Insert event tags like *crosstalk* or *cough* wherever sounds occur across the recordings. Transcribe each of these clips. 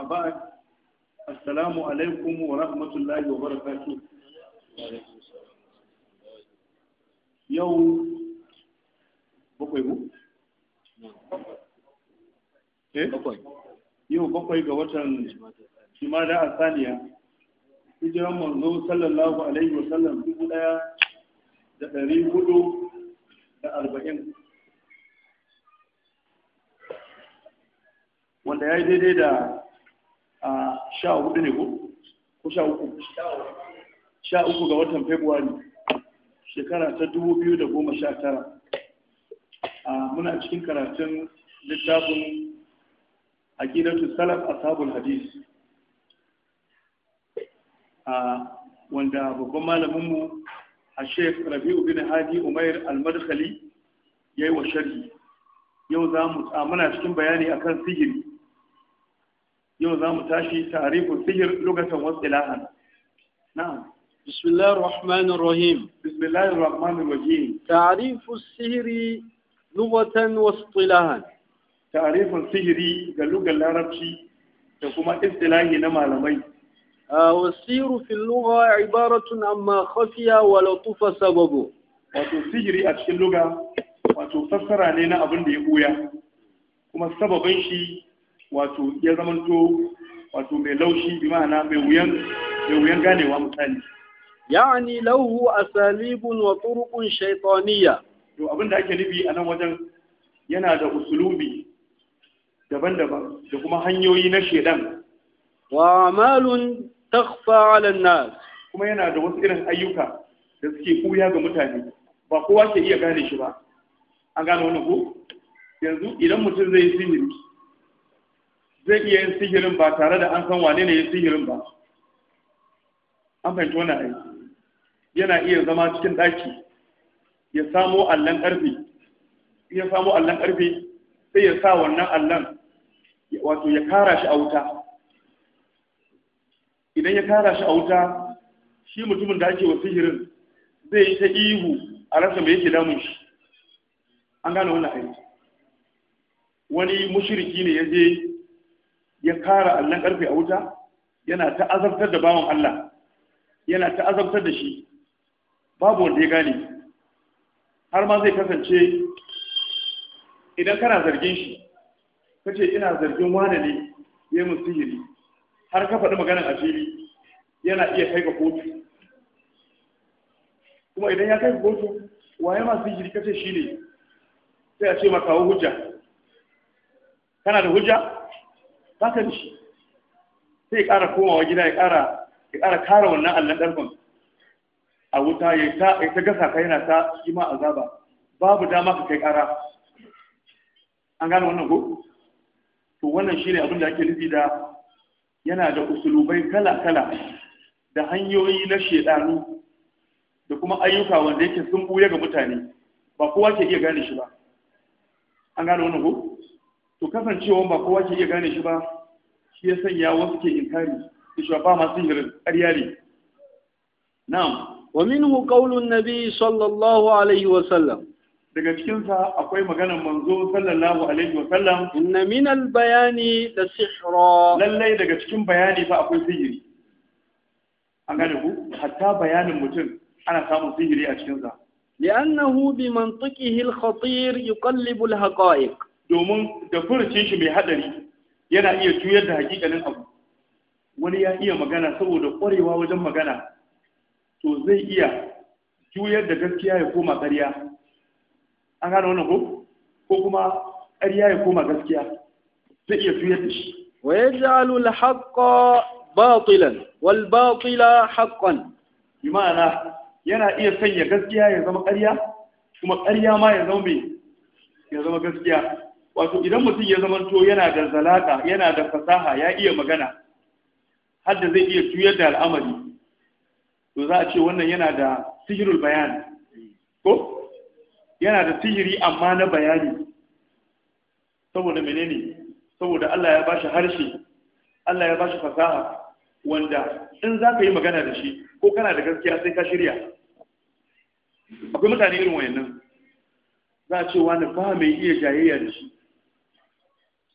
amma ba assalamu alaikum wa rahmatullahi wa barakatu yau bakwai ga watan shimada a saniya hijiran manzo sallallahu alaihi wa sallam dubu daya da ɗari hudu da arba'in wanda ya yi daidai da sha hudu ne ko sha uku sha uku ga watan februari shekara ta dubu biyu da goma sha tara muna cikin karatun littafin aqidatu salaf ashabul hadis wanda babban malaminmu a sheikh rabi'u bin hadi umair al-madkhali yayi wa sharhi yau za mu muna cikin bayani akan sihiri yau za mu tashi tarifu sihir lokacin wasu ilahan na'am بسم الله الرحمن الرحيم بسم الله الرحمن الرحيم تعريف السحر لغة واصطلاحا تعريف السحر اللغة العربية كما اصطلاح نمالمي والسحر في اللغة عبارة عما خفي ولطف سببه وتسحر أشكال اللغة وتفسر علينا أبن ديهويا كما سببين شيء wato ya to wato mai laushi bi ma'ana mai wuyan mai wuyan ganewa misali ya'ani lahu asalibun wa turuqun shaytaniyya to abin da ake nufi a nan wajen yana da usulubi daban-daban da kuma hanyoyi na shedan wa amalun takhfa 'ala an-nas kuma yana da wasu irin ayyuka da suke kuya ga mutane ba kowa ke iya gane shi ba an gane wannan ko yanzu idan mutum zai yi sihiri zai iya yin sihirin ba tare da an san wane ne yin sihirin ba an fahimci wannan aiki yana iya zama cikin ɗaki ya samo allon ƙarfe ya samo allon ƙarfe sai ya sa wannan allon wato ya kara shi a wuta idan ya kara shi a wuta shi mutumin da ake wa sihirin zai yi ta ihu a rasa mai yake damun shi an gane wannan aiki wani mushiriki ne ya je ya kara allon karfe a wuta yana ta azabtar da bawan Allah yana ta azabtar da shi babu wanda ya gane har ma zai kasance idan kana zargin shi kace ina zargin wane ne ya mun sihiri har ka faɗi maganar a fili yana iya kai ga kotu kuma idan ya kai ga kotu waye ma sihiri kace shi ne sai a ce ma kawo hujja kana da hujja ba ka da shi sai ya ƙara komawa gida ya ƙara ya ƙara kara wannan allon ɗarfin a wuta ya ta ya gasa ka yana ta shi ma azaba babu dama ka kai ƙara an gane wannan ko to wannan shine abin da ake nufi da yana da usulubai kala-kala da hanyoyi na shedanu da kuma ayyuka wanda yake sun buya ga mutane ba kowa ke iya gane shi ba an gane wannan ko to kasancewa ba kowa ke iya gane shi ba shi ya sanya wasu ke inkari da shi ba masu hirin ƙarya ne na'am wa minhu qawlun nabi sallallahu alaihi wa sallam daga cikin sa akwai maganar manzo sallallahu alaihi wa sallam inna min al bayani la sihra lallai daga cikin bayani fa akwai sihiri an gane ku hatta bayanin mutum ana samun sihiri a cikin sa li'annahu bi mantiqihi al khatir domin da furucin shi mai hadari yana iya juyar da hakikanin abu wani ya iya magana saboda kwarewa wajen magana to zai iya juyar da gaskiya ya koma ƙarya an gane wannan ko ko kuma ƙarya ya koma gaskiya zai iya juyar da shi wa yaj'alu al-haqqa batilan wal batila haqqan bima'ana yana iya sanya gaskiya ya zama ƙarya kuma ƙarya ma ya zama ya zama gaskiya wato idan mutum ya zamanto yana da zalaka yana da fasaha ya iya magana har da zai iya tuyar da al'amari to za a ce wannan yana da sihirul bayani ko yana da sihiri amma na bayani saboda menene saboda Allah ya bashi harshe Allah ya bashi fasaha wanda in za ka yi magana da shi ko kana da gaskiya sai ka shirya akwai mutane irin wayannan za a ce wani ba mai iya jayayya da shi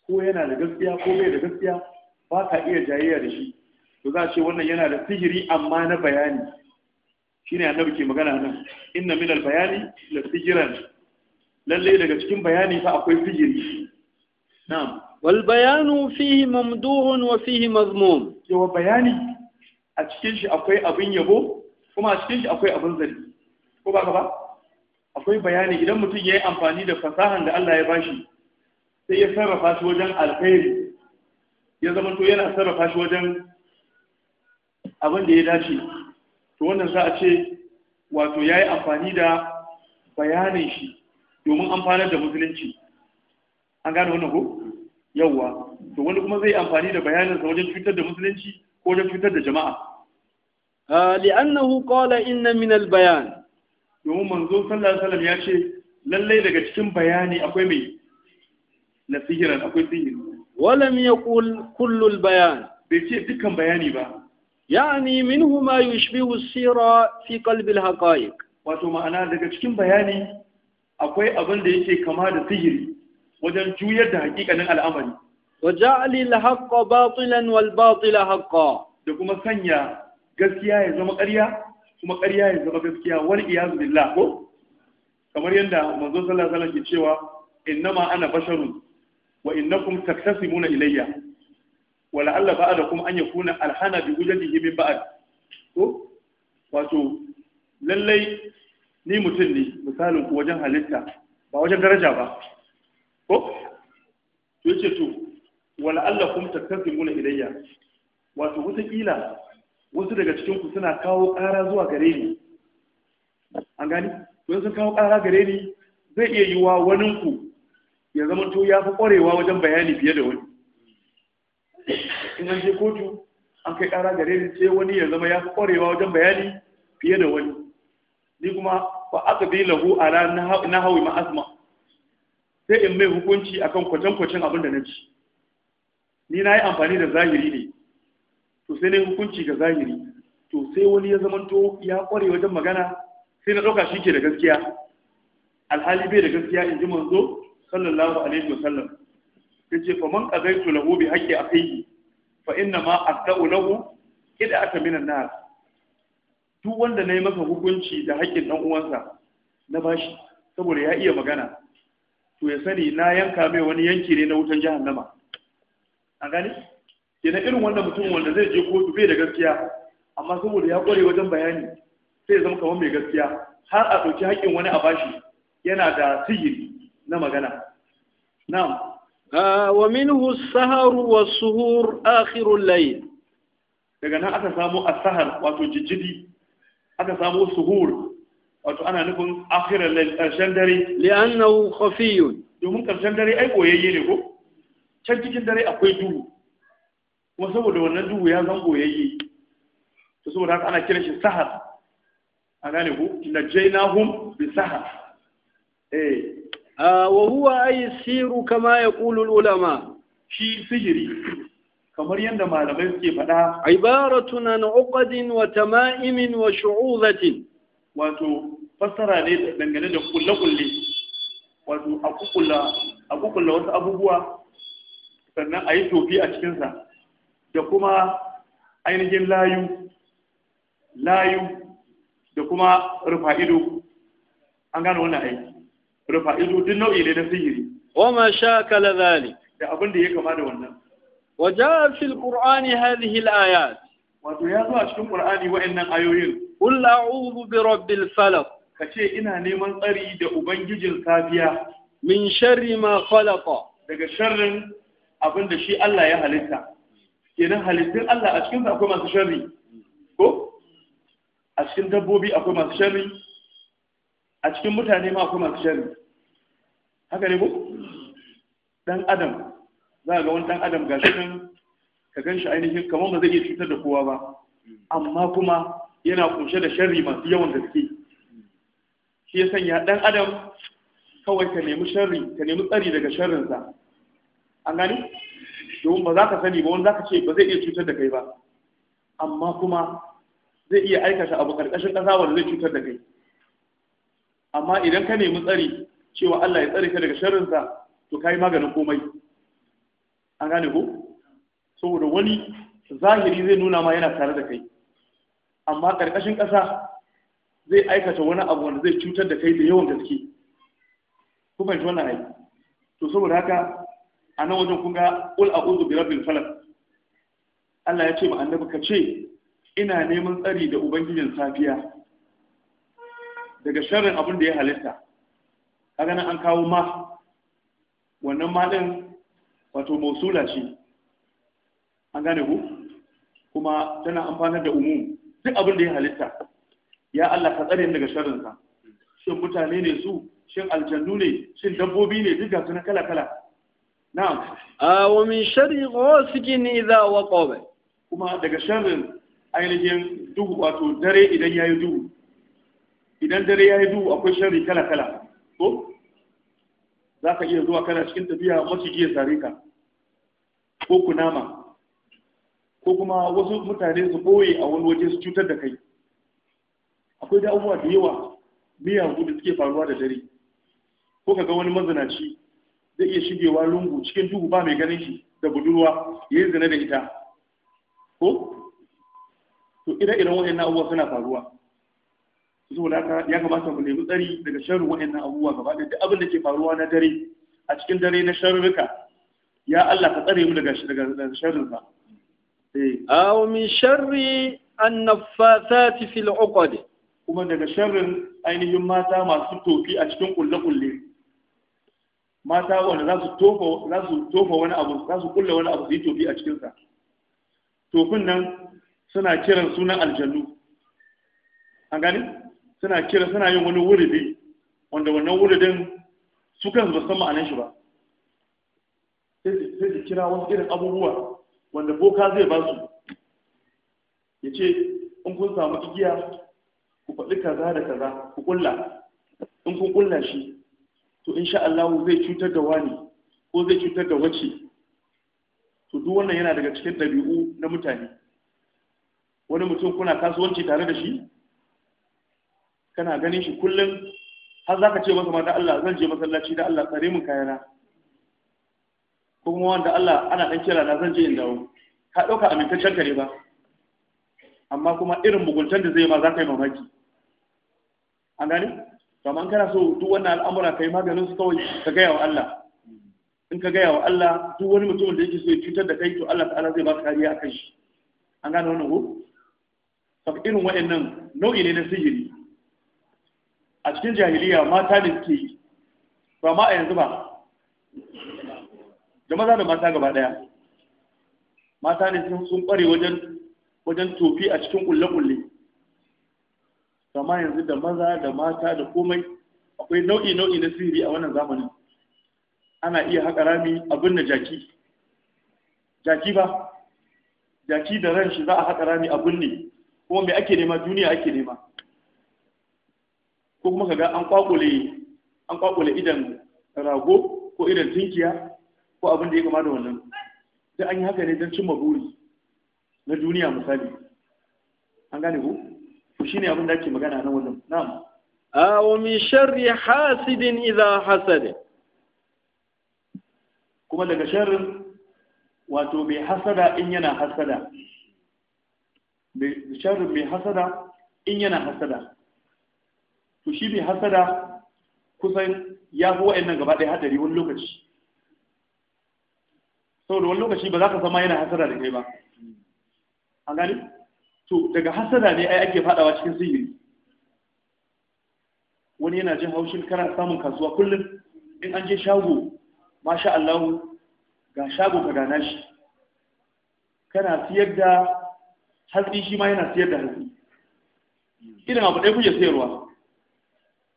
ko yana da gaskiya ko bai da gaskiya ba ka iya jayayya da shi to za a ce wannan yana da sihiri amma na bayani Shi ne annabi ke magana nan inna min bayani la sihiran lalle daga cikin bayani fa akwai sihiri na'am wal bayanu fihi mamduhun wa fihi mazmum yawa bayani a cikin shi akwai abin yabo kuma a cikin shi akwai abin zari ko ba ka ba akwai bayani idan mutum ya yi amfani da fasahan da Allah ya bashi sai ya sarrafa shi wajen alkhairi ya zama to yana sarrafa shi wajen abin da ya dace to wannan za a ce wato ya yi amfani da bayanin shi domin amfanar da musulunci an gane wannan ko yawwa to wani kuma zai amfani da bayaninsa wajen cutar da musulunci ko wajen cutar da jama'a ah, li'annahu qala inna min al-bayan domin manzo sallallahu alaihi wasallam ya ce lallai daga cikin bayani akwai mai Na sihiran akwai sihiri walam yaqul kullul bayan bai ce dukkan bayani ba yani min huma yushbihu sira fi qalbi al-haqa'iq wato ma'ana daga cikin bayani akwai abin da yake kama da sihiri wajen juyar da hakikanin al'amari wa ja'ali al-haqqa batilan wal batila haqqan da kuma sanya gaskiya ya zama ƙarya kuma ƙarya ya zama gaskiya wal iyaz billah ko kamar yadda manzo sallallahu alaihi wasallam ke cewa innama ana basharun wa innakum taktasimuna ilayya wa la'alla ba'adakum an yakuna alhana bi wujadihi min ba'd ko wato lallai ni mutum ne misalin ku wajen halitta ba wajen daraja ba ko to yace to wa la'alla kum muna ilayya wato wata kila wasu daga cikin ku suna kawo ƙara zuwa gare ni an gani don sun kawo ƙara gare ni zai iya yiwa wani ku ya zama to ya fi ƙwarewa wajen bayani fiye da wani in an je kotu an kai ƙara gare ni sai wani ya zama ya fi ƙwarewa wajen bayani fiye da wani ni kuma fa aka bi lahu ala na hawi ma asma sai in mai hukunci akan kwacen-kwacen abin da na ci ni na yi amfani da zahiri ne to sai na hukunci ga zahiri to sai wani ya zamanto ya kware wajen magana sai na ɗauka shi ke da gaskiya alhali bai da gaskiya in ji manzo sallallahu alaihi wasallam yace fa man qadaitu lahu bi haqqi akhihi fa inna ma aqda'u lahu aka minan nar duk wanda nayi masa hukunci da haƙƙin dan uwansa na bashi saboda ya iya magana to ya sani na yanka mai wani yanki ne na wutan jahannama an gani kenan irin wanda mutum wanda zai je kotu bai da gaskiya amma saboda ya kware wajen bayani sai ya zama kamar mai gaskiya har a ɗauki haƙƙin wani a bashi yana da sihiri na magana na'am wa minhu as-sahru wa suhur al layl daga nan aka samu as-sahar wato jijjidi aka samu suhur wato ana nufin akhirar ƙarshen dare li'annahu khafiyun domin karshen dare ai koyayye ne ko can cikin dare akwai duhu kuma saboda wannan duhu ya zan koyayye to saboda haka ana kiran shi sahar a gane ko najjaynahum bi sahar eh wa huwa ay siru kama yaqulu ulama shi sihiri kamar yadda malamai suke faɗa ibaratun an uqadin wa tama'imin wa shu'uzatin wato fassara ne dangane da kulle-kulle wato a akukulla wasu abubuwa sannan ayi tofi a cikinsa da kuma ainihin layu layu da kuma rufa ido an gano wannan aiki rufa ido duk nau'i ne na sihiri wa sha kala zalik da abin da ya kama da wannan wa jaa fil qur'ani hadhihi al ayat wato ya zo a cikin qur'ani wa'annan ayoyin qul a'udhu bi rabbil falaq kace ina neman tsari da ubangijin safiya min sharri ma khalaqa daga sharrin abin da shi Allah ya halitta kenan halittun Allah a cikin akwai masu sharri ko a cikin dabbobi akwai masu sharri a cikin mutane ma kuma masu sharri haka ne ku dan adam za ga wani dan adam ga nan ka gan shi ainihin kamar ba zai iya cutar da kowa ba amma kuma yana kunshe da shari masu yawan gaske shi ya sanya dan adam kawai ka nemi sharri ka nemi tsari daga sharrinsa an gani domin ba za ka sani ba wani za ka ce ba zai iya cutar da kai ba amma kuma zai iya aikata abu karkashin ƙasa wanda zai cutar da kai amma idan ka nemi tsari cewa Allah ya tsare ka daga sharrinsa to kai maganin komai an gane ko saboda wani zahiri zai nuna ma yana tare da kai amma karkashin ƙasa zai aikata wani abu wanda zai cutar da kai da yawan gaske ku fahimci wannan ai to saboda haka a nan wajen kun ga ul a'udhu bi rabbil falaq Allah ya ce ma annabi ka ce ina neman tsari da ubangijin safiya daga sharrin abin da ya halitta kaga nan an kawo ma wannan ma din wato mausula ce an gane ku kuma tana amfanar da umu duk abin da ya halitta ya Allah ka tsare daga sharrin sa shin mutane ne su shin aljannu ne shin dabbobi ne duk gasu na kala kala na'am a wa min sharri za idza waqaba kuma daga sharrin ainihin duhu wato dare idan yayi duhu idan dare ya yi duhu akwai sharri kala kala to za ka iya zuwa kana cikin tafiya maciji iya sare ka ko kunama ko kuma wasu mutane su boye a wani waje su cutar da kai akwai da abubuwa da yawa miyagu da suke faruwa da dare ko ka ga wani mazanaci zai iya shigewa lungu cikin duhu ba mai ganin shi da budurwa ya yi zina da ita ko to ire-iren waɗannan abubuwa suna faruwa saboda haka ya kamata mu nemi tsari daga sharrin wa'annan abubuwa gaba da duk abin da ke faruwa na dare a cikin dare na sharruka ya Allah ka tsare mu daga daga sharrin sa eh aw min sharri an-naffathat fi al-uqad kuma daga sharrin ainihin mata masu tofi a cikin kulle-kulle mata wanda za su tofa za su tofa wani abu za su kulle wani abu su yi tofi a cikin sa tofin nan suna kiran sunan aljannu an gani suna kira suna yin wani wuridi wanda wannan wuridin su kan ba san ma'anar shi ba sai da kira wasu irin abubuwa wanda boka zai ba su ya ce in kun samu igiya ku faɗi kaza da kaza ku ƙulla in kun ƙulla shi to in sha Allah zai cutar da wani ko zai cutar da wace to duk wannan yana daga cikin ɗabi'u na mutane wani mutum kuna kasuwanci tare da shi kana ganin shi kullum har za ka ce masa mata da Allah zan je masallaci da Allah tsare mun kayana ko kuma wanda Allah ana dan kira na zan je in dawo ka dauka amintaccen kare ba amma kuma irin muguntan da zai ma za ka yi mamaki an gane to amma kana so duk wannan al'amura kai maganin su kawai ka gaya wa Allah in ka gaya wa Allah duk wani mutum da yake so ya cutar da kai to Allah ta'ala zai ba ka kariya kai shi an gane wannan ko saboda irin wa'annan nau'i ne na sihiri a cikin jahiliya mata ne suke yi ba ma a yanzu ba da maza da mata gaba daya mata ne sun kware wajen wajen tofi a cikin kulle-kulle ma yanzu da maza da mata da komai akwai nau'i-nau'i na sihiri a wannan zamanin ana iya haƙa rami abin da jaki jaki ba jaki da ran shi za a haƙa rami abin ne kuma mai ake nema duniya ake nema ko kuma kaga an kwakule an kwakule idan rago ko idan tinkiya ko abin da ya kama da wannan sai an yi haka ne don cimma buri na duniya misali an gane ku to shine abin da ake magana nan wannan na'am aw min sharri hasidin idza hasada kuma daga sharrin wato mai hasada in yana hasada sharrin mai hasada in yana hasada to shi bai hasada kusan ya fi wa'annan gaba ɗaya hadari wani lokaci saboda wani lokaci ba za ka zama yana hasada da kai ba a gani to daga hasada ne ai ake faɗawa cikin sihiri wani yana jin haushin kana samun kasuwa kullum in an je shago masha Allah ga shago ka gana shi kana siyar da hatsi shi ma yana siyar da hatsi irin abu ɗaya kuke sayarwa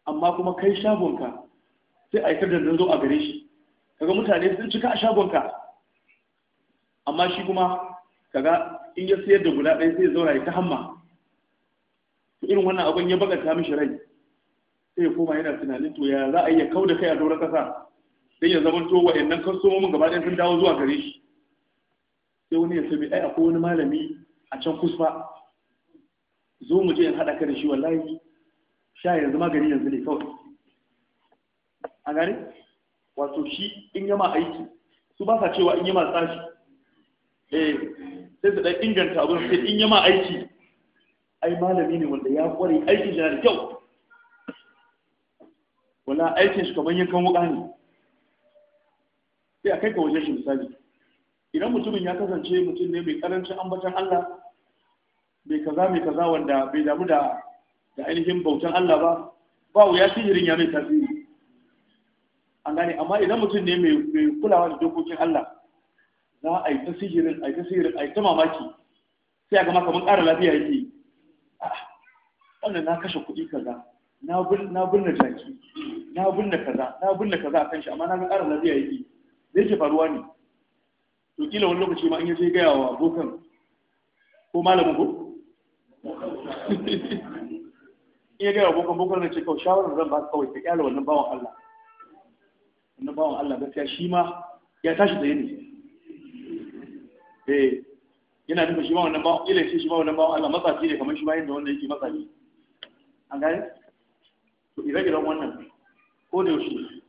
amma kuma kai shagonka sai a yi da nan zo a gare shi kaga mutane sun cika a shagonka amma shi kuma kaga in ya sayar da guda ɗaya sai ya zauna ya ta hamma irin wannan abin ya ta mishi rai sai ya koma yana tunanin to ya za a iya kau da kai a doron kasa sai ya zama to wa'annan kastomomin gaba ɗaya sun dawo zuwa gare shi sai wani ya sabi ai akwai wani malami a can kusfa zo mu je in haɗa ka da shi wallahi sha yanzu magani yanzu ne kawai a gane wato shi in yama aiki su ba sa cewa in yama tsashi eh sai su ɗan inganta abin sai in yama aiki ai malami ne wanda ya kware aikin shi na da kyau wala aikin shi kamar yankan wuka ne sai a kai ka wajen shi misali idan mutumin ya kasance mutum ne mai karancin ambatan Allah mai kaza mai kaza wanda bai damu da da ainihin bautan Allah ba ba wuya sihirin ya mai tasiri an gane amma idan mutum ne mai kulawa da dokokin Allah za a yi ta sihirin a yi ta sihirin a yi ta mamaki sai a gama kamar ƙara lafiya yake wannan na kashe kuɗi kaza na binne jaki na binne kaza na binne kaza a kan shi amma na ƙara lafiya yake zai ke faruwa ne to kila wani lokaci ma an yi sai gaya wa bokan ko malamin ko in ya gaya abokan bokon zai ce kawai shawarar zan ba kawai ta kyale wannan bawan Allah wannan bawan Allah gaskiya shi ma ya tashi tsaye ne eh yana nufin shi ma wannan bawan ila ce shi ma wannan bawan Allah matsafi ne kamar shi ma yadda wannan yake matsafi an gane to ire iren wannan ko da yaushe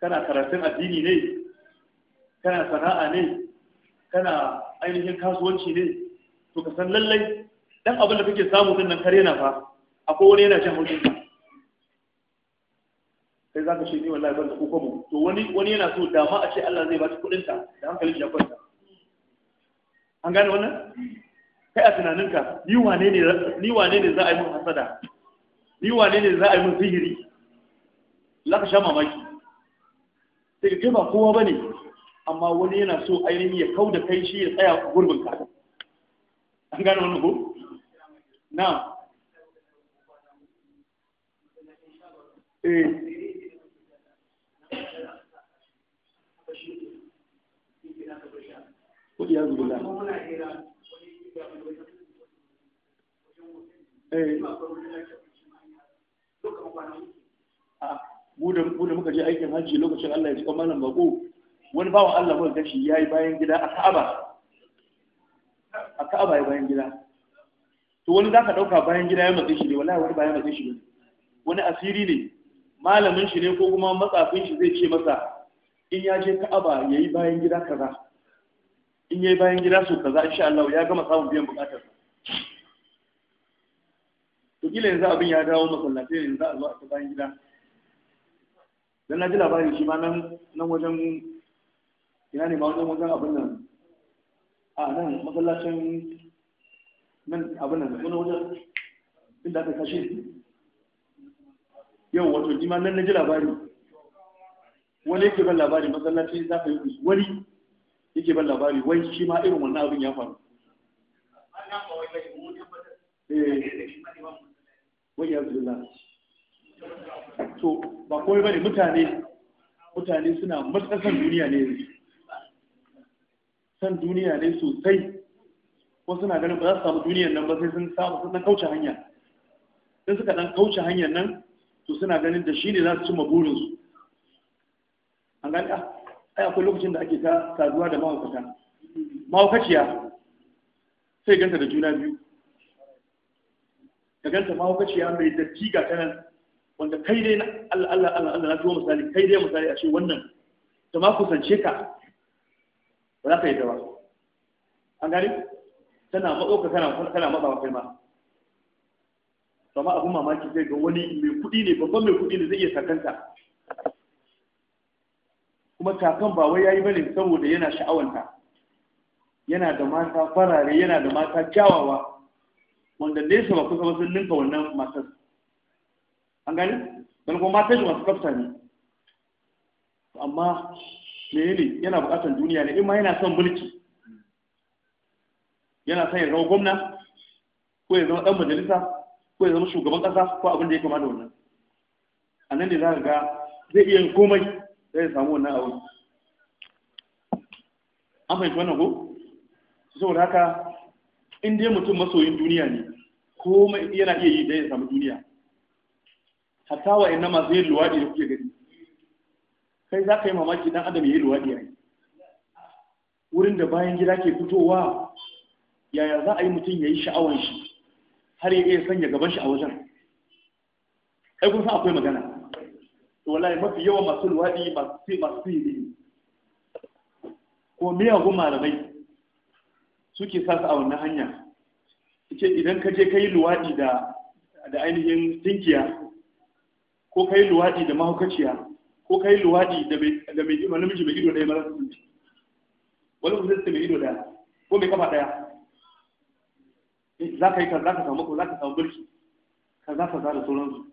kana karatun addini ne kana sana'a ne kana ainihin kasuwanci ne to ka san lallai dan abin da kake samu din nan kare na fa akwai wani yana jin haushin Sai za ka ce ni wallahi ban da ko kobo to wani wani yana so da ma a ce Allah zai ba shi kuɗin ta da hankalin ya kwanta an gane wannan kai a tunaninka ni wane ne ni wane ne za a yi mun hasada ni wane ne za a yi mun sihiri za ka sha mamaki sai ka kai ba kowa ba ne. amma wani yana so ainihin ya kau da kai shi ya tsaya gurbin ka an gane wannan ko na'am Eh. kudi ya eh. ah, muka je aikin hajji lokacin Allah ya cika malam bako wani bawa Allah muka gashi ya yi bayan gida a Ka'aba a Ka'aba ya bayan gida to wani za ka ɗauka bayan gida ya matse shi ne wallahi wani bayan matse shi ne wani asiri ne malamin shi ne ko kuma matsafin shi zai ce masa in ya je ka'aba ya yi bayan gida kaza in ya yi bayan gida so kaza insha Allah ya gama samun biyan bukatar to kila yanzu abin ya dawo masallatai ne yanzu a zo a ta bayan gida dan na ji labari shi ma nan nan wajen ina ne ma wajen wajen abin nan a nan masallacin nan abin nan wani wajen inda aka kashe yau wato ni ma nan na ji labari wani yake ban labari masallaci za ka yi kusa wani yake ban labari wai shi ma irin wannan abin ya faru eh. Wani ya zula to ba kawai ne mutane mutane suna matsa san duniya ne yanzu san duniya ne sosai ko suna ganin ba za su samu duniyan nan ba sai sun samu sun kauce hanya Sun suka dan kauce hanyar nan su suna ganin da shi ne za su cimma burinsu an gani a ah, ai akwai lokacin da ake saduwa da mahaukata mahaukaciya sai ganta da juna biyu ka ganta mahaukaciya mai datti ta nan wanda kai dai na Allah Allah Allah na tuwo misali kai dai misali a ce wannan ta ma kusance ka ba za ka yi ta ba an gani tana maɗauka tana matsawa kai ma sama abin mamaki zai ga wani mai kuɗi ne babban mai kuɗi ne zai iya sakanta kuma kakan ba wai yayi bane saboda yana sha'awanta yana da mata farare yana da mata kyawawa wanda nesa ba kusa ba sun ninka wannan matar an gani dan kuma matar shi masu kafta ne amma menene yana buƙatar duniya ne in ma yana son mulki yana son ya zama gwamna ko ya zama ɗan majalisa ko ya zama shugaban ƙasa ko abin da ya kama da wannan a nan ne za ka ga zai iya yin komai zai samu wannan abu an fahimci wannan ko saboda haka in dai mutum masoyin duniya ne komai yana iya yi da ya samu duniya hatta wa ina masu yin luwaɗi da kuke gani kai za ka yi mamaki dan adam ya yi luwaɗi a wurin da bayan gida ke fitowa yaya za a yi mutum ya yi sha'awanshi? shi har ya iya sanya gaban shi a wajen ai kun san akwai magana to wallahi mafi yawan masu luwaɗi masu sai masu ne ko miyagun malamai suke sa su a wannan hanya ce idan ka je kai luwaɗi da da ainihin tinkiya ko kai luwaɗi da mahaukaciya ko kai luwaɗi da mai namiji mai ido ɗaya mara sunci wani mutum mai ido ɗaya ko mai kafa ɗaya za ka yi kaza ka samu za ka samu birki za ka da sauransu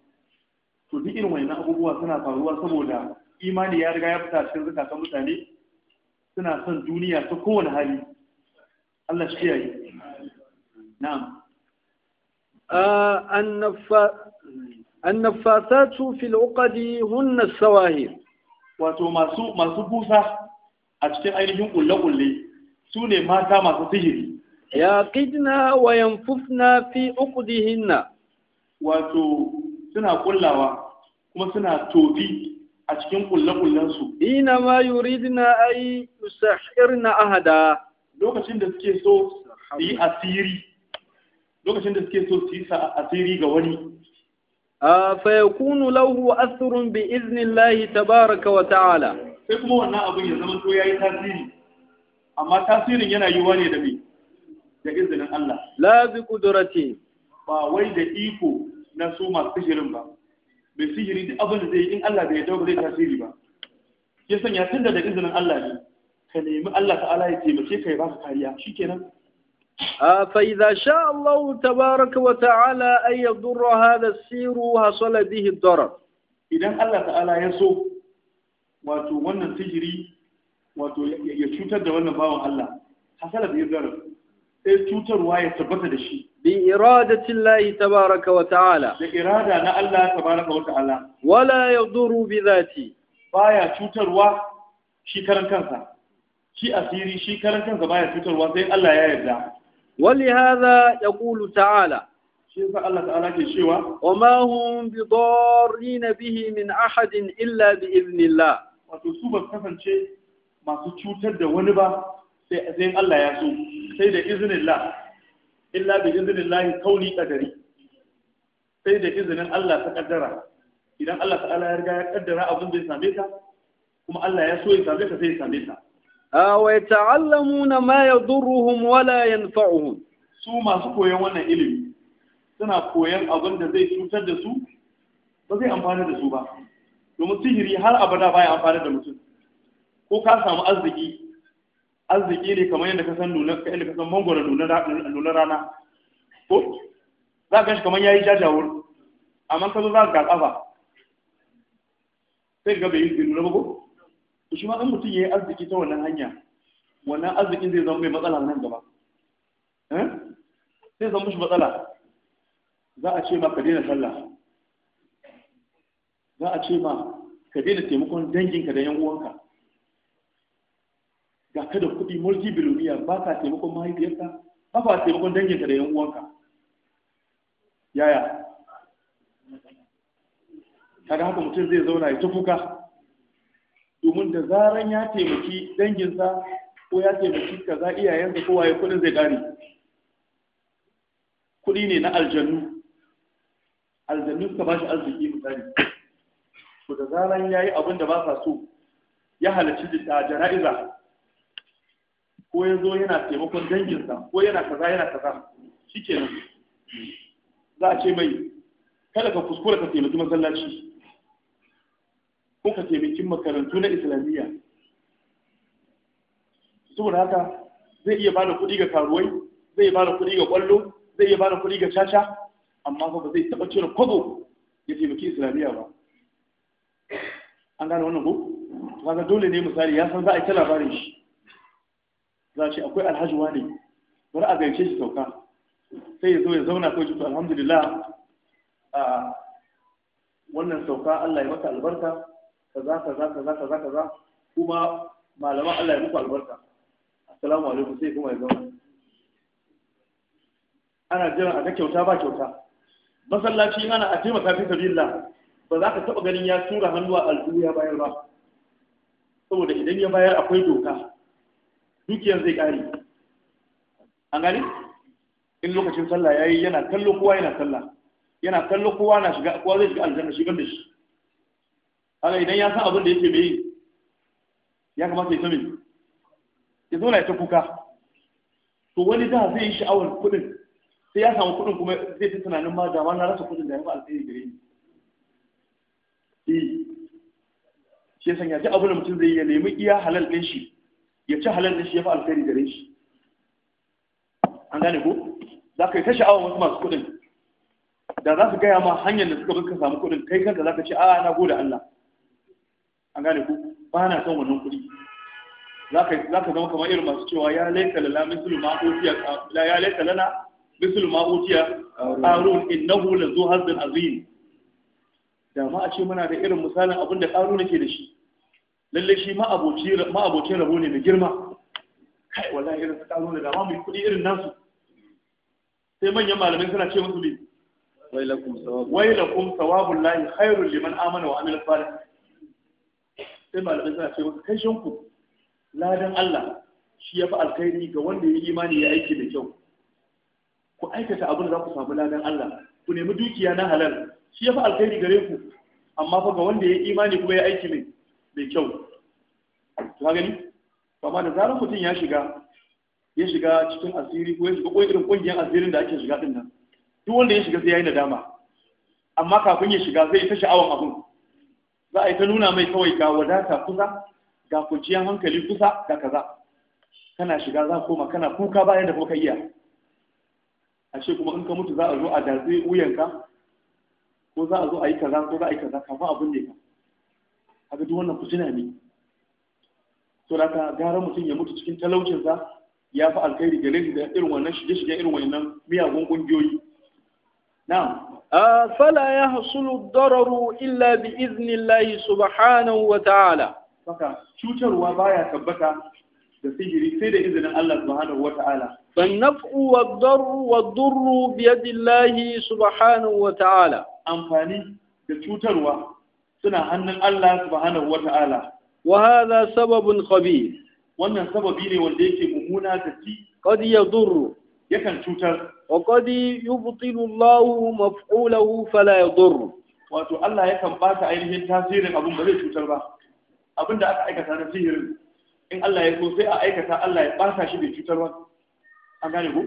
to duk irin wannan abubuwa suna faruwa saboda imani ya riga ya fita cikin zakatan mutane suna son duniya ta kowane hali Allah shi kiyaye na'am annafasatu fil uqadi hunna sawahir wato masu masu busa a cikin ainihin kulle-kulle su ne mata masu sihiri yaqidna wa yanfufna fi uqdihinna wato suna kullawa kuma suna tobi a cikin kullakullansu ina ma yuridna ay yusahirna ahada lokacin da suke so su yi asiri lokacin da suke so su yi asiri ga wani fa yakunu lahu athrun bi llahi tabaraka wa ta'ala sai kuma wannan abin ya zama to yayi tasiri amma tasirin yana yiwuwa ne da mai da izinin Allah la bi ba wai da iko na su masu sihirin ba mai sihiri duk abin da zai yi in Allah bai yarda zai tasiri ba ya sanya tunda da izinin Allah ne ka nemi Allah ta'ala ya taimake ka ya baka kariya shikenan فإذا شاء الله تبارك وتعالى أن يضر هذا السير حصل به الضرر إذا الله تعالى يسو واتو تجري واتو يشوت الله حصل به الضرر sai cutarwa ya tabbata da shi bi iradati Allah tabaraka wa ta'ala da irada na Allah tabaraka wa ta'ala wala ya duru bi dhati baya cutarwa shi karan kansa shi asiri shi karan kansa baya cutarwa sai Allah ya yarda wali hadha yaqulu ta'ala shi yasa Allah ta'ala ke cewa wa ma hum bi darrin bihi min ahadin illa bi idnillah wato su ba kasance masu cutar da wani ba sai Allah ya so sai da izinin la illa bi izinin lahi kauni kadari sai da izinin Allah ta kaddara idan Allah ta'ala ya riga ya kaddara abin zai same ka kuma Allah ya so ya same ka sai ya same ka wa yata'allamuna ma yadurruhum wala yanfa'uhum su masu koyon wannan ilimi suna koyon abin da zai cutar da su ba zai amfana da su ba domin sihiri har abada baya amfana da mutum ko ka samu arziki arziki ne kamar yadda ka san nuna ka yadda ka san mangoro nuna rana ko za ka shi kamar yayi jajawur amma ka zo za ka kafa sai ga bai yi nuna ba ko to shi ma an mutum yayi arziki ta wannan hanya wannan arzikin zai zama mai matsala nan gaba eh sai zama shi matsala za a ce ma ka daina sallah za a ce ma ka daina taimakon danginka da yan uwanka ga ka da kuɗi multi biloniya ba ka taimakon mahaifiyarka ba ka taimakon danginka da yan uwanka yaya kaga haka mutum zai zauna ya ta kuka domin da zaran ya taimaki danginsa ko ya taimaki kaza iyayensa ko waye kuɗin zai gane. kuɗi ne na aljannu aljannu suka ba shi arziki misali to da zaran ya yi abin da ba sa so ya halarci da jana'iza ko ya zo yana taimakon danginsa ko yana kaza yana kaza Shi nan za a ce mai kada ka kuskura ka taimaki masallaci ko ka taimaki makarantu na islamiyya saboda haka zai iya bada kuɗi ga karuwai zai iya bada kuɗi ga kwallo zai iya bada kuɗi ga caca amma ba ba zai taɓa cire kwazo ya taimaki islamiyya ba an gane wannan ko kaga dole ne misali ya san za a yi ta labarin shi za a ce akwai alhaji ne wani a gaishe shi sauka sai ya zo ya zauna kawai to alhamdulillah a wannan sauka Allah ya maka albarka za ka za ka za kuma malaman Allah ya muku albarka assalamu alaikum sai kuma ya zauna ana jiran a ga kyauta ba kyauta masallaci ana a taimaka fi sabilla ba za ka taɓa ganin ya tura hannu a ya bayar ba saboda idan ya bayar akwai doka dukiyar zai ƙare an gani in lokacin sallah yayi yana kallo kowa yana sallah yana kallo kowa na shiga kowa zai shiga aljanna shi, da shi haka idan ya san abin da yake mai ya kamata ya sami ya zauna ya ta kuka to wani da zai yi sha'awar kuɗin sai ya samu kuɗin kuma zai fi tunanin ma da na rasa kuɗin da ya fi alheri gare ni eh. shi ya sanya duk abin da mutum zai yi ya nemi iya halal ɗin shi ya ci halar da shi ya fi alkhairi gare shi an gane ko za ka yi ta sha'awa wasu masu kuɗin da za su gaya ma hanyar da suka ka samu kuɗin kai kanka za ka ce a na gode Allah an gane ko ba na son wannan kuɗi za ka zama kamar irin masu cewa ya laika lala mislu ma utiya ya laika lana zuwa ma arzini. innahu lazu da ma a ce muna da irin misalin abin da ƙaru nake da shi lalle shi ma'abocin rabo ne mai girma kai wala irin su karo da dama mai kudi irin nasu sai manyan malamai suna ce musu Wai lakum sawabul lahi khairul liman amana wa amila fara sai malamai suna ce musu kai shanku ladan Allah shi ya fi alkhairi ga wanda ya yi imani ya aiki da kyau ku aikata abin da za ku samu ladan Allah ku nemi dukiya na halal shi ya fi alkhairi gare ku amma fa ga wanda ya yi imani kuma ya aiki mai mai kyau to gani amma da zarar mutum ya shiga ya shiga cikin asiri ko ya shiga ko irin kungiyar asirin da ake shiga din nan duk wanda ya shiga sai ya yi nadama amma kafin ya shiga zai ta sha'awan abun za a yi ta nuna mai kawai ga wadata kusa ga kunciyar hankali kusa ga kaza kana shiga za koma kana kuka bayan da kuka iya a ce kuma in ka mutu za a zo a datsi wuyanka ko za a zo a yi kaza ko za a yi kaza kafin abin ne ka haka duk wannan fitina ne to da ka gara mutum ya mutu cikin talaucinsa ya fi alkhairi gare shi da irin wannan shige-shige irin wannan miyagun kungiyoyi na'am fala ya hasulu dararu illa bi iznillahi subhanahu wa ta'ala saka cutarwa baya tabbata da sihiri sai da izinin Allah subhanahu wa ta'ala فالنفع wa duru biyadillahi subhanahu wa ta'ala. amfani da cutarwa suna hannun Allah subhanahu wata'ala wa hadha sababun khabir wannan sababi ne wanda yake mummuna da ci qad yadur yakan cutar wa qad yubtilu Allah maf'ulahu fala yadur wato Allah yakan bata ainihin tasirin abun ba zai cutar ba abinda aka aikata na sihirin in Allah ya so sai a aikata Allah ya bata shi bai cutar ba an gane ku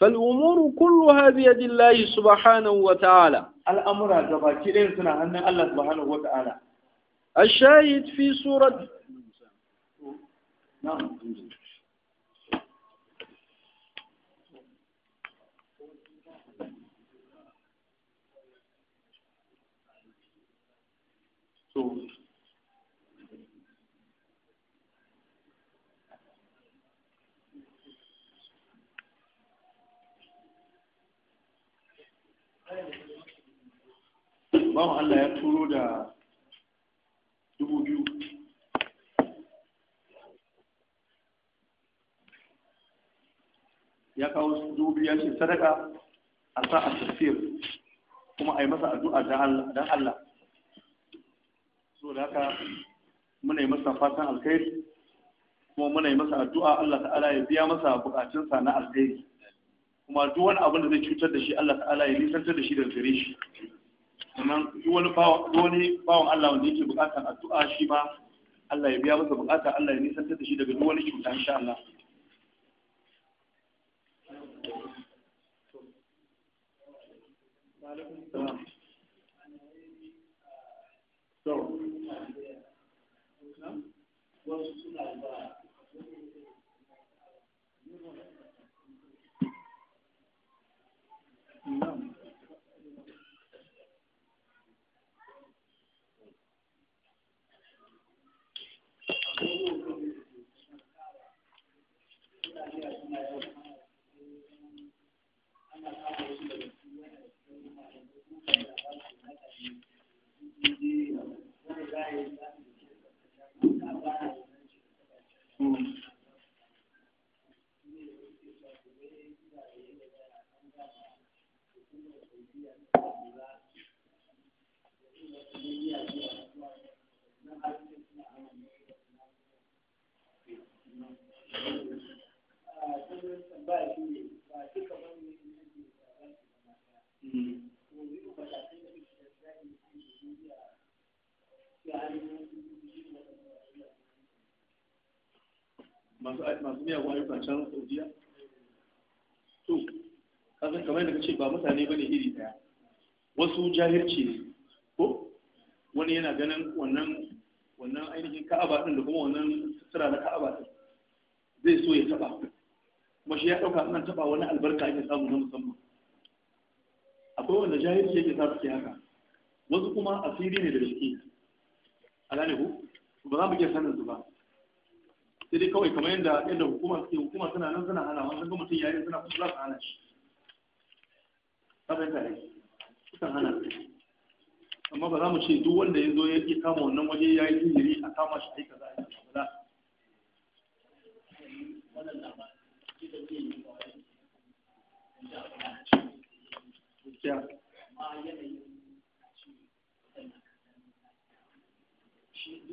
فالأمور كلها بيد الله سبحانه وتعالى الأمر جباكين سنة أن الله سبحانه وتعالى الشاهد في سورة نعم bawan Allah ya turo da dubu biyu ya kawo dubu biyu ya ce sadaka a sa a tafiyar kuma a yi masa addu'a don Allah so da haka muna yi masa fatan alkhairi kuma muna yi masa addu'a Allah ta'ala ya biya masa bukatunsa na alkhairi kuma duk wani abin da zai cutar da shi Allah ta'ala ya nisantar da shi daga gare shi sannan duk wani bawan Allah wanda yake bukatar addu'a shi ma Allah ya biya masa bukata Allah ya nisantar da shi daga duk wani cuta insha Allah Mm-hmm. masu miyagun ayyukan can saudiya to kasan kamar yadda ce ba mutane ba ne iri daya wasu jahilci ne ko wani yana ganin wannan wannan ainihin ka'aba din da kuma wannan sutura na ka'aba din zai so ya taba kuma shi ya dauka nan taba wani albarka ake samu na musamman akwai wanda jahilci yake sa su haka wasu kuma asiri ne da gaske a ku ba za mu iya sanin su ba sai dai kawai kamar yadda yadda hukuma suke hukuma suna nan suna hana wani kuma mutum yayin suna kuma za su hana shi sabon tare sukan hana amma ba za mu ce duk wanda ya zo ya ke kama wannan waje ya yi jiri a kama shi aika za a yi kaza Yeah.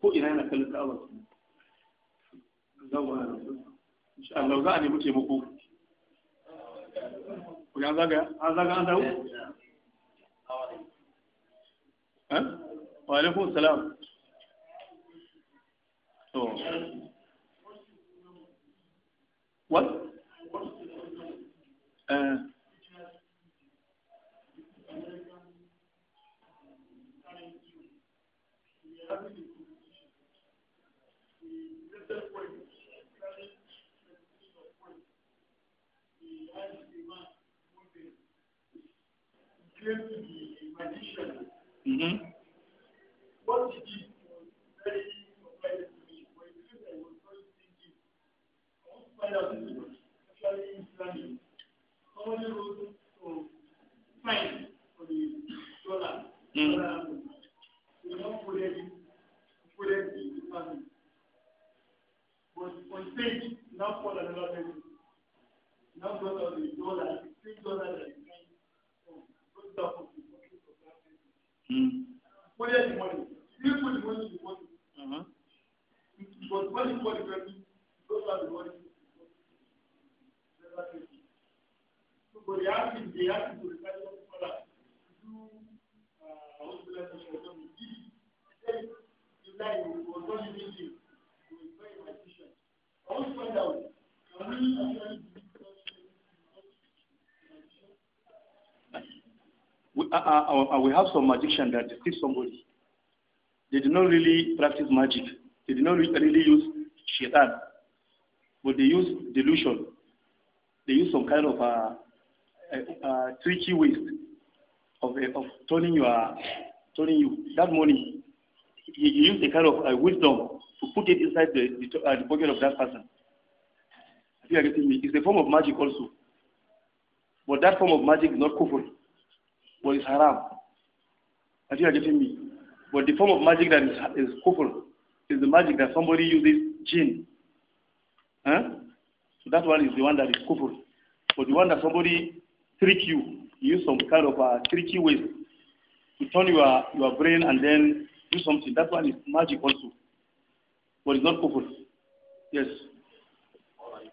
ko ina yana kallon ka'abar insha Allah za a nemi taimako ku an zaga an zaga an dawo wa alaikum salam to what uh, came For a minute, now for another dollar, the same Mm. What is the money? You put the money in the money. Uh-huh. But when you put the money, those are the money. So, but they ask him, they ask him to recite the father to do uh, how to let the children be. He said, you lie, you was not living him. You were very magician. I want to find out, can we actually do we, uh uh, uh, uh, we have some magician that deceive somebody. They did not really practice magic. They did not really use shaitan, but they use delusion. They use some kind of a, a, a tricky ways of, uh, of turning your turning you that money. You use used a kind of wisdom to put it inside the, the, uh, the pocket of that person. you are getting me. It's a form of magic also, but that form of magic is not kufr but it's haram. I think you are getting me. But the form of magic that is, is kufr is the magic that somebody uses jinn. Huh? So that one is the one that is kufr. But the one that somebody trick you, use some kind of a tricky ways to turn your, your brain and then do something. That one is magic also. But it's not kufr. Yes. All right.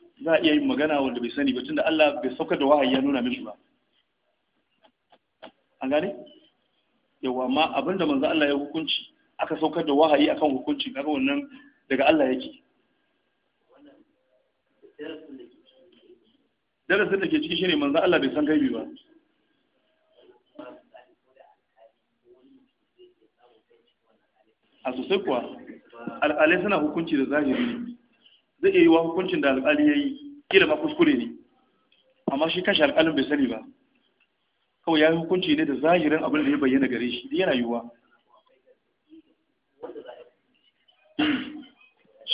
za a iya yin magana wanda bai sani ba tunda Allah bai saukar da wahayi ya nuna mishi ba an gane yawa amma abinda manzo Allah ya hukunci aka saukar da wahayi akan hukunci kaga wannan daga Allah yake darasin da ke ciki shine manzo Allah bai san gaibi ba a sosai kuwa alƙalai suna hukunci da zahiri zai iya yi wa hukuncin da alƙali ya yi kila ma kuskure ne amma shi kashi alƙalin bai sani ba kawai ya yi hukunci ne da zahirin abin da ya bayyana gare shi yana yiwuwa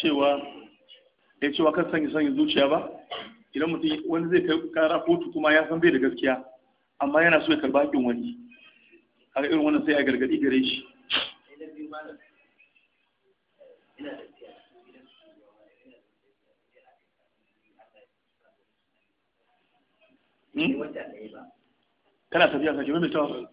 cewa ya cewa kan sanya sanya zuciya ba idan mutum wani zai kai kara kotu kuma ya san bai da gaskiya amma yana so ya karba hakkin wani haka irin wannan sai a gargadi gare shi Hmm? kana tafiya ka mai tawa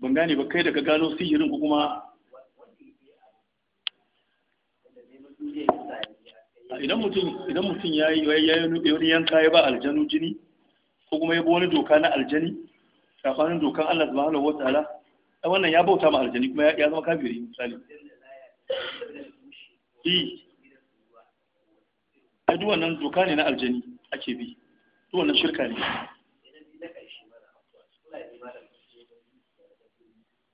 ban gane ba kai daga gano sihirin ko kuma idan mutum idan mutum ya yi wani yanka ya ba aljanu jini ko kuma ya bi wani doka na aljani safanin dokan Allah subhanahu wa ta'ala ai wannan ya bauta ma aljani kuma ya zama kafiri misali eh ai duk wannan doka ne na aljani ake bi duwannan shirka ne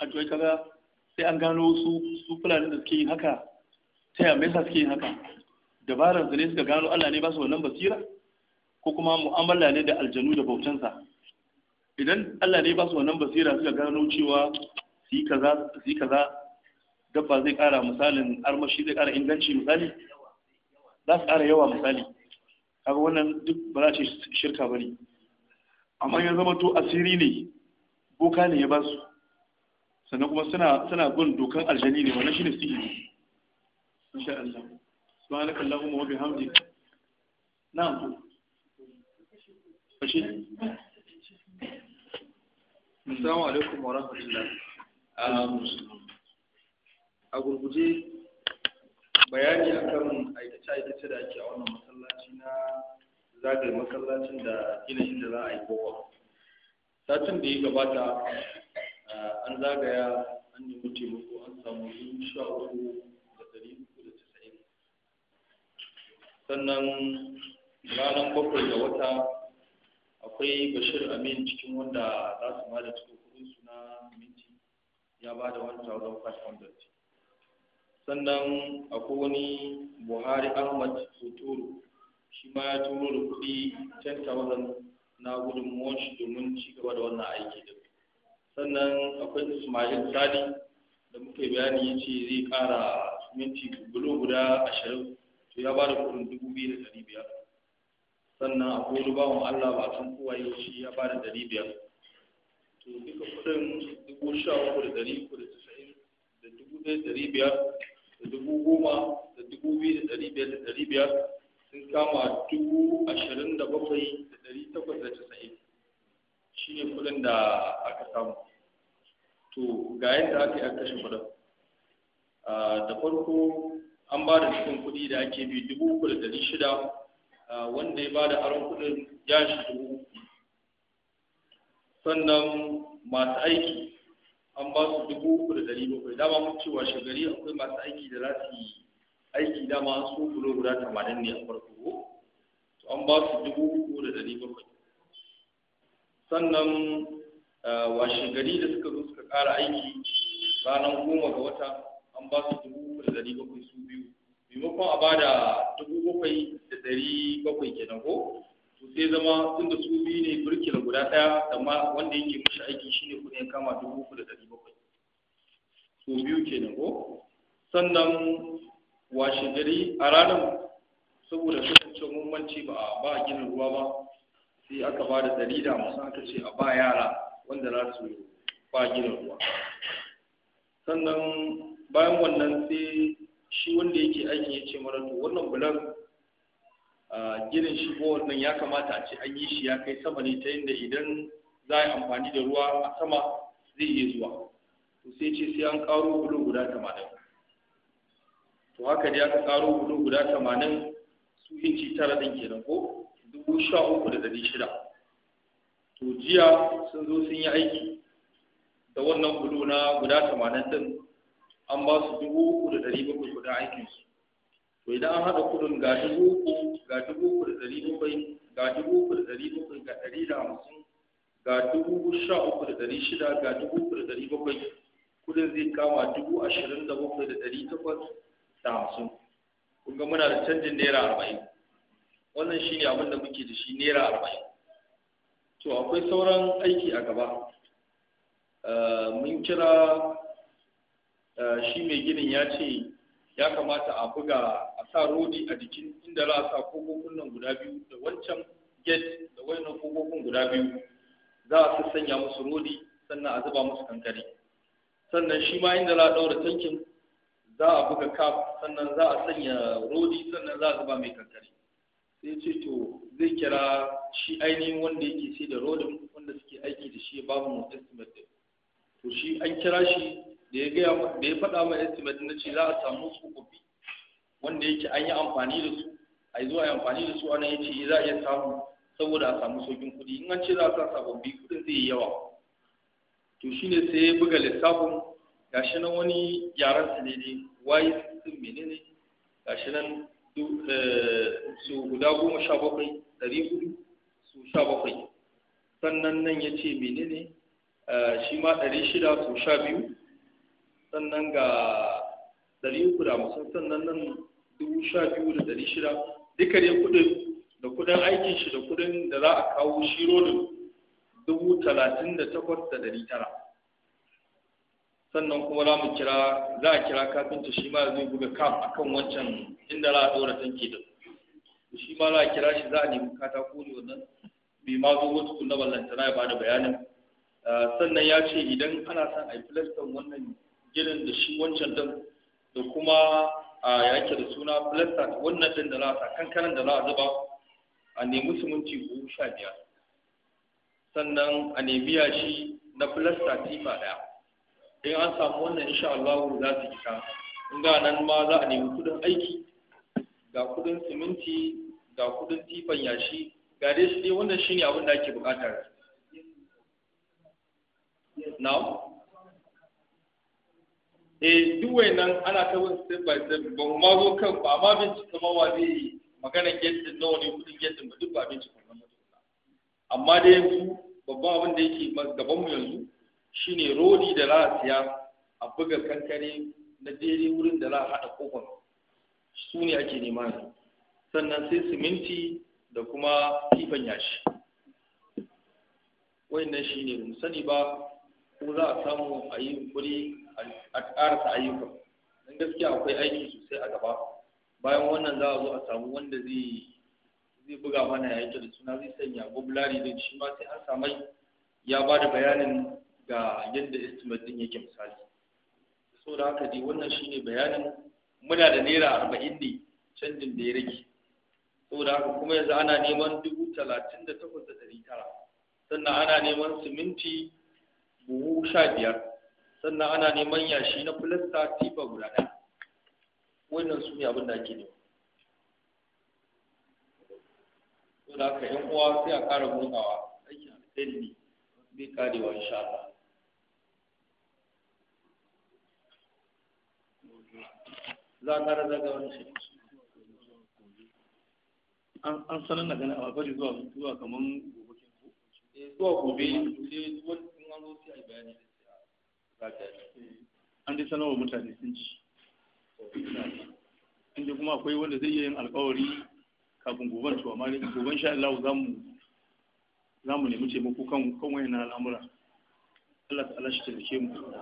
a joyi kaga sai an gano su su fulani da suke yin haka ta yamma yasa suke yin haka dabarar da ne suka gano Allah ne ba su wannan basira ko kuma mu'amala ne da aljanu da bautansa idan Allah ne ba su wannan basira suka gano cewa su yi kaza su yi kaza dabba zai kara misalin armashi zai kara inganci misali za su kara yawa misali kaga wannan duk ba za ce shirka bane amma ya zama to asiri ne boka ne ya ba su sannan kuma suna suna bin dokan aljani ne wannan shine sihiri insha Allah subhanaka allahumma wa bihamdika na'am kashi assalamu alaikum wa rahmatullah um, a gurguje bayani akan aikace-aikace da ake a wannan masallaci na zagaye masallacin da gina da za a yi kowa satin da ya gabata an zagaya an nemi taimako an samu dubu sha uku da ɗari uku da casa'in sannan ranar bakwai da wata akwai bashir amin cikin wanda za su ma da cikin suna minti ya ba da 1500 sannan akwai wani buhari ahmad sotoro shi ma ya turo da kudi 10,000 na gudunmuwan shi domin cigaba da wannan aiki da sannan akwai ismail sadi da muka bayani ya ce zai kara minti gulo guda ashirin to ya ba da kudin dubu biyu da dari biyar sannan akwai wani bawan allah ba san kowa ya shi ya ba da dari biyar to duka kudin dubu sha uku da dari uku da casa'in da dubu ɗaya da dari biyar da dubu goma da dubu biyu da dari biyar da dari biyar sun kama dubu ashirin da bakwai da dari takwas da casa'in shi ne kudin da aka samu to ga yadda aka yi kashe kuɗin da farko an ba da cikin kuɗi da ake bi dubu uku da ɗari shida wanda ya ba da aron kuɗin ya shi dubu uku sannan masu aiki an ba su dubu uku da ɗari bakwai dama mun cewa shagari akwai masu aiki da za su yi aiki dama an so bulo guda tamanin ne a farko an ba su dubu uku da ɗari bakwai sannan Eh, washe gari da suka zo suka ƙara aiki ranar goma ga wata an ba su dubu uku da dari bakwai su biyu maimakon a bada dubu bakwai da dari bakwai kenan ko to sai zama sun da su biyu ne birkila guda ɗaya amma wanda yake mishi aiki shine kuɗin ya kama dubu uku da dari bakwai su biyu kenan ko sannan washe gari a ranar saboda kasance mun manci ba a ba ginin ruwa ba sai aka ba da ɗari da hamsin aka ce a ba yara wanda za su ba gidan ruwa sannan bayan wannan sai shi wanda yake aiki ya ce mara to wannan bulan ginin shi ko wannan ya kamata a ce an yi shi ya kai sama ne ta yadda idan za a yi amfani da ruwa a sama zai iya zuwa to sai ce sai an karo bulo guda tamanin to haka dai aka karo bulo guda tamanin su inci tara ɗin kenan ko dubu sha uku da ɗari shida to jiya sun zo sun yi aiki da wannan gudu na guda tamanin din an ba su dubu uku da ɗari bakwai kudin aikinsu to idan an haɗa kudin ga dubu uku ga dubu uku da ɗari bakwai ga dubu uku da ɗari bakwai ga ɗari da hamsin ga dubu sha uku da ɗari shida ga dubu uku da ɗari bakwai kudin zai kama dubu ashirin da bakwai da ɗari takwas da hamsin kun ga muna da canjin naira arba'in wannan shine abin da muke da shi naira arba'in to akwai sauran aiki a gaba eh, mun kira eh, shi mai ginin ya ce ya kamata a buga a sa rodi a jikin inda za a sa kofofin nan guda biyu da wancan gate da wayannan kofofin guda biyu za a sanya musu rodi sannan a zuba musu kankare sannan shi ma inda za a daura tankin za a buga kaf sannan za a sanya rodi sannan za a zuba mai kankare sai ce to zai kira shi ainihin wanda yake sai da rodin wanda suke aiki da shi ya ba mu estimate din to shi an kira shi da ya gaya da ya faɗa mai estimate na ce za a samu su kofi wanda yake an yi amfani da su a yi zuwa amfani da su ana ya ce za a iya samu saboda a samu sauƙin kuɗi in an ce za a sa sababbi kuɗin zai yi yawa to shine sai ya buga lissafin gashi nan wani yaran sa ne ne wayi sun menene gashi nan Eh, su guda goma sha bakwai ɗari hudu su sha bakwai sannan nan ya ce menene eh, shi ma ɗari shida su sha biyu sannan ga ɗari uku da hamsin sannan nan dubu sha biyu da ɗari shida duka dai kuɗin da kuɗin aikin shi da kuɗin da za a kawo shi rodin dubu talatin da takwas da ɗari tara sannan kuma za mu kira za a kira kafinta shi ma zai buga a kan wancan inda za a ɗora tanki da su, shi ma za a kira shi za a nemi katako ne wannan bai ma zo wata kunna na ya bada bayanin ah, sannan ya ce idan ana son a yi filastan wannan ginin da shi wancan din da kuma a ah, yake da suna filasta wannan din da za a sa kankanan da za a zuba a nemi siminti ko sha biyar sannan a nemi yashi na filasta tifa ɗaya in an samu wannan insha Allah za su fita in ga nan ma za a nemi kudin aiki ga kudin siminti ga kudin tifan yashi ga dai shi dai wannan shine abin da ake bukata now eh duk wayannan ana ta wani step by step ba mu mago kan ba ma bincika ma wa zai yi magana gedin nawa ne kudin gedin ba duk ba bincika ba amma dai yanzu babban abin da yake gaban mu yanzu shine rodi da za a siya a buga kankare na daidai wurin da za a haɗa kofar su ne ake nema ne sannan sai siminti da kuma kifan yashi Wannan shi ne mu sani ba ko za a samu a yi wuri a ƙarasa ayyuka don gaskiya akwai aiki sosai a gaba bayan wannan za a zo a samu wanda zai buga mana ya da suna zai sanya gobulari da shi ma sai an samai ya ba da bayanin ga yadda estimate din yake misali da haka dai wannan shine bayanin muna da naira arba'in ne canjin da ya rage da haka kuma yanzu ana neman dubu talatin da takwas da ɗari tara sannan ana neman siminti buhu sha biyar sannan ana neman yashi na filasta tifa guda ɗaya wannan su ne abin da ake nema da haka yan uwa sai a ƙara murnawa aikin alkhairi ne zai karewa insha Allah za a ƙara zaga wani shi an sanar na gani a mafari zuwa zuwa kamar gobe eh, zuwa gobe sai wani an zo sai a yi bayani da eh, an dai sanarwa mutane sun ci inda kuma akwai wanda zai iya yin alkawari kafin goben to amma goben sha Allah za mu za mu nemi taimako kan kan wayan al'amura Allah ta'ala shi taimake mu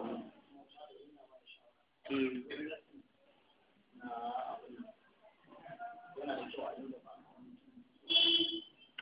eh.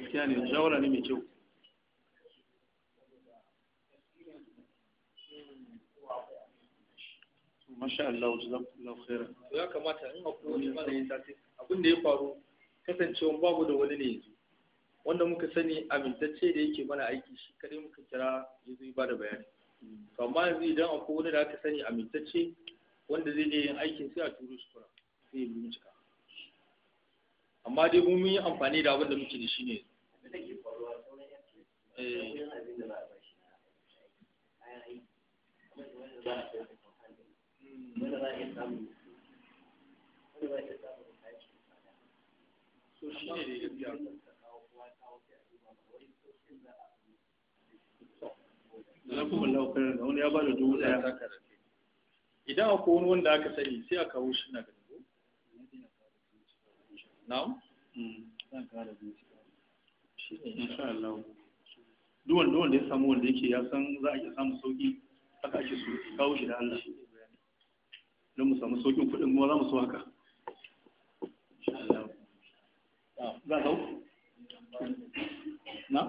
gaskiya ne shawara ne mai kyau masha Allah jazakallahu khairan ya kamata in akwai wani malamin tafi abin da ya faru kasancewar babu da wani ne yanzu wanda muka sani amintacce da yake mana aiki shi kadai muka kira ya zai ba da bayani to amma yanzu idan akwai wani da aka sani amintacce wanda zai je yin aikin sai a turo su kura sai ya cika. amma dai mu mun yi amfani da abin da muke da shi ne idan akwai wani wanda aka sani sai a kawo shi na na'am hmm, zan kara bincika shi ne insha Allah duwan duwan da ya samu wanda yake ya san za a iya samu sauki haka ake su kawo shi da Allah don mu samu saukin kuɗin kuma za mu so haka za ka na?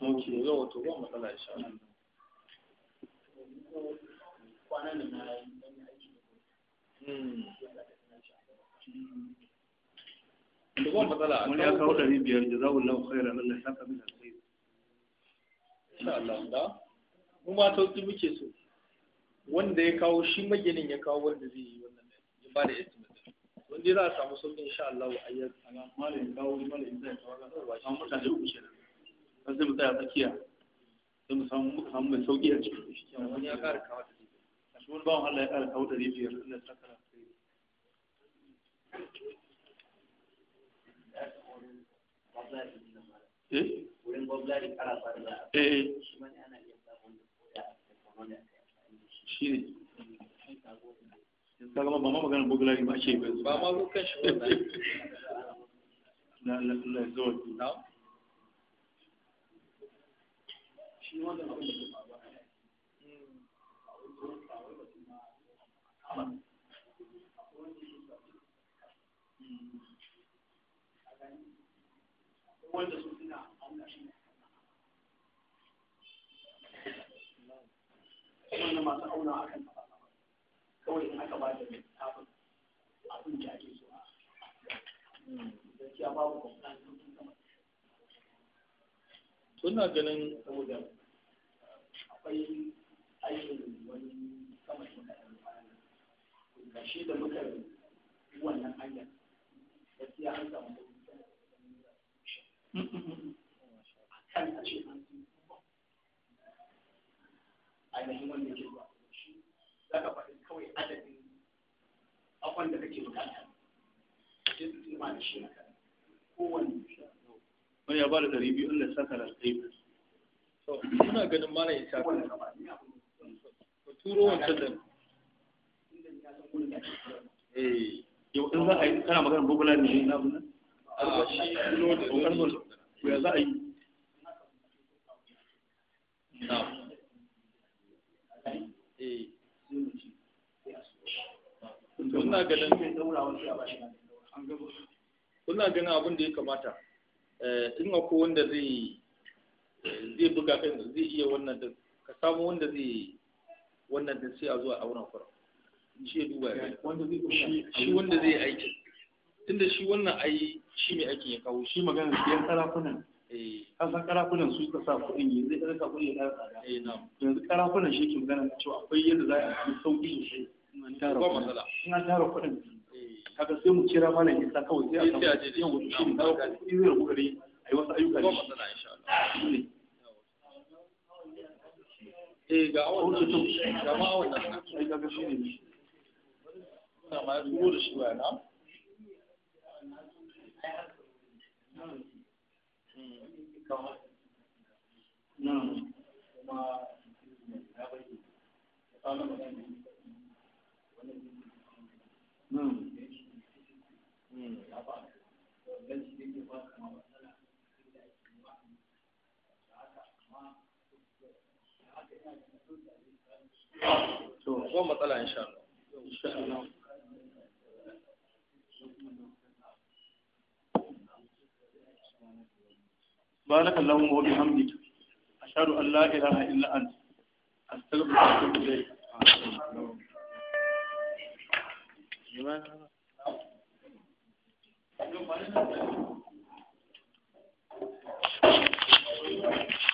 ok yau wato ba matsala insha Allah kwanan da na yi Wani ba ya kawo ɗari biyar da zaun lau Allah ya saka min alkhairi insha Allah da mu ma da muke so wanda ya kawo shi maginin ya kawo wanda zai yi wannan ya ba da estimate wanda za a samu sauki wa ayyar kawo malin zai kawo ga sarwa shi da kan tsakiya sai mu samu muka samu mai sauƙi a cikin shi wani ya ƙara kawo da shi wani Allah ya ƙara kawo ɗari biyar Allah ya saka Eh? Eh, eh. shi ne ba ma maganin ba ce ba ma shi *laughs* na zuwa shi wanda su suna auna shi wanda masu auna akan kawai in aka ba da littafin abin da ake so a gaskiya babu kwamfani suna ganin saboda akwai aikin wani sama shi da ƙarshe da muka wannan hanyar gaskiya an samu ainihin wanda ke za ka faɗi kawai da shi wani ya bada ɗari biyu Allah saka da kai so ina ganin mana ya saka ka turo wancan da eh yau in za a yi kana magana bugula ne na bunan Eh. na kuna ganin abin da ya kamata eh, in akwai wanda zai zai buga kan zai iya wannan da ka samu wanda zai wannan da sai a zuwa a wurin fara shi ya duba shi wanda zai aiki tunda shi wannan ai shi ne ake ya kawo shi magana biyan karafunan eh. an san karafunan su suka sa kuɗin yanzu zai ɗaga kuɗi ya tsada eh, yanzu karafunan shi ke magana cewa akwai yadda za a yi sauƙi shi. in an tara kuɗin eh. kaga sai mu kira malam isa kawai sai a samu yin wasu shi ne kawo kuɗi zai rabu gari a yi wasu ayyuka ne eh ga awon nan ga ma awon nan ga shi ne na ma ya da shi ba na to ko matsala insha Allah بارك اللهم وبحمدك أشهد أن لا إله إلا أنت أستغفرك وأتوب إليك Thank you.